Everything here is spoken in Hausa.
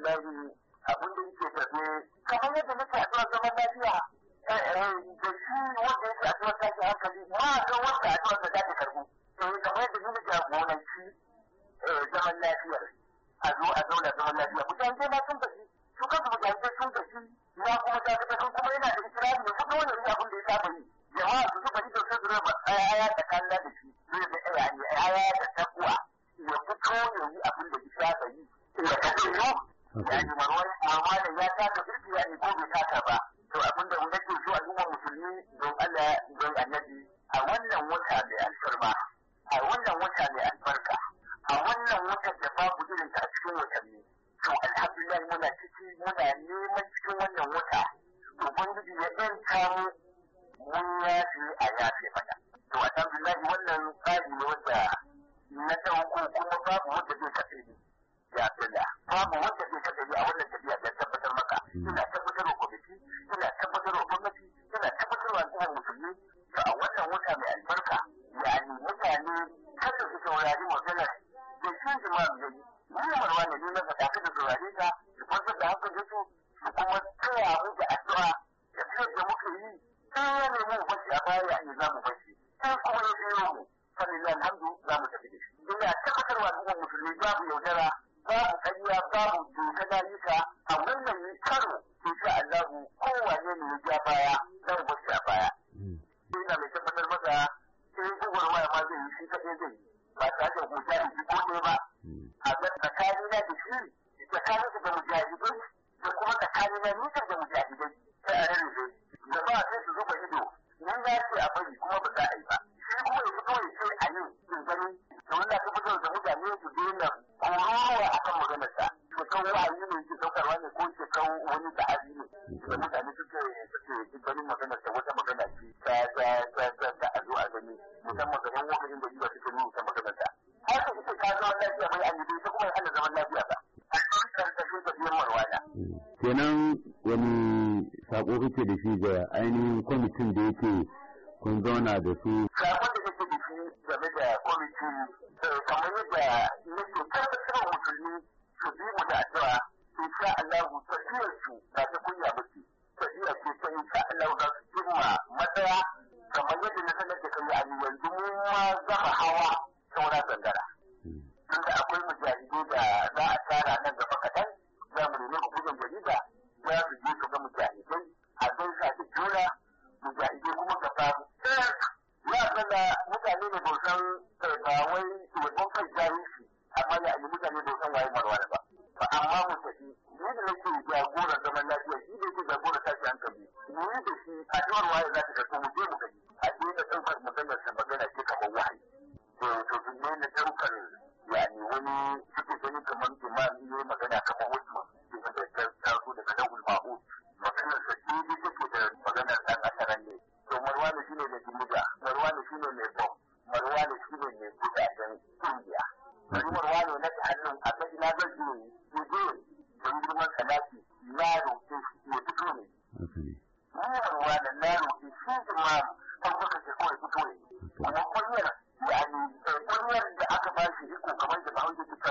alhamdulillahi abin da yake tafe kamar yadda nake addu'a zaman lafiya eh, eh, da shi wanda yake addu'a ta ke hankali ma ga wanda addu'a ta ta karbu eh, kamar yadda ni nake gonanci zaman lafiyar a zo a zauna zaman lafiya mutane dai ma sun tafi su kansu mutane sun tafi na kuma ta ta kuma yana da ikirari da kuma wani abin da ya saba yi jama'a su suka yi da su ba tsaya da kalla da shi zai da tsaya ne tsaya da takwa ya fito ya yi abin da ya saba yi ya tafi yau yani warware mamalin ya saka birki yani ko bai taka ba to abinda da nake so al'ummar musulmi don Allah don annabi a wannan wata mai alfarma a wannan wata mai albarka a wannan watan da babu irin ta cikin watanni to alhamdulillah muna ciki neman cikin wannan wata ubangiji ya ɗanta mu mun yafe a yafe mana to alhamdulillah wannan tsari ne na ɗauko kuma babu wanda zai kafe ni ya babu wanda to a wannan wata mai albarka yani mutane kada su saurari maganar da shi jima'a da ni marwa ne na faɗa kada saurare ta da kwantar da hankalin su su kuma tsaya mu da addu'a da biyar da muke yi sai ya nemi mu bashi a baya ya za mu bashi sai kuma ya biyo mu falilan hamdu za mu tafi da shi ina tabbatarwa dukkan musulmi babu yaudara babu ƙarya babu doka dalika a wannan karo insha Allah kowane ne ya ja baya yi tsakanin da mujahidai da kuma tsakanin na nijar da mujahidai ta a rarrabe da ba sai su zuba ido ni na ce a bari kuma ba za a yi ba shi kuma ya fito ya ce a yi in gani da wanda ta fito da mutane su na korowa a kan maganarsa su kan wa'ayi ne ke saukarwa ne ko ke kan wani ta'azi ne da mutane suke suke ganin maganarsa wata magana ce ta ta ta ta ta a zo a gani musamman gaban wani inda yi ba suke nuna ta maganarsa haka ita ta zama lafiya bai annabi ta kuma ya hana zaman lafiya kenan wani sako kake da shi ga ainihin kwamitin da yake kun zauna da su sakon da kake da shi game da kwamitin eh, kamar yadda nake tabbatar musulmi su bi mu da addu'a insha Allah tafiyar su ba ta kunya ba ce ta insha Allah za su cimma matsaya kamar yadda na sanar da kai a yanzu mu ma zama hawa saura sandara hmm. tunda akwai mujahidu da za a tara nan gaba mutane bai san waye marwa ba ba amma mu tafi ni da nake jagora zaman lafiya shi da yake jagora tashi hankali ni da shi a cewar waye za ta tafi mu je mu gani a je da ɗaukar maganar sa magana ce kamar wahayi to to sun ne na ɗaukar yani wani suke ganin kamar imam ne magana kamar wasu imamu da shi imamu kan suka ce kawai fito ne. Amma kunyar da aka ba shi iko kamar da ba hujjar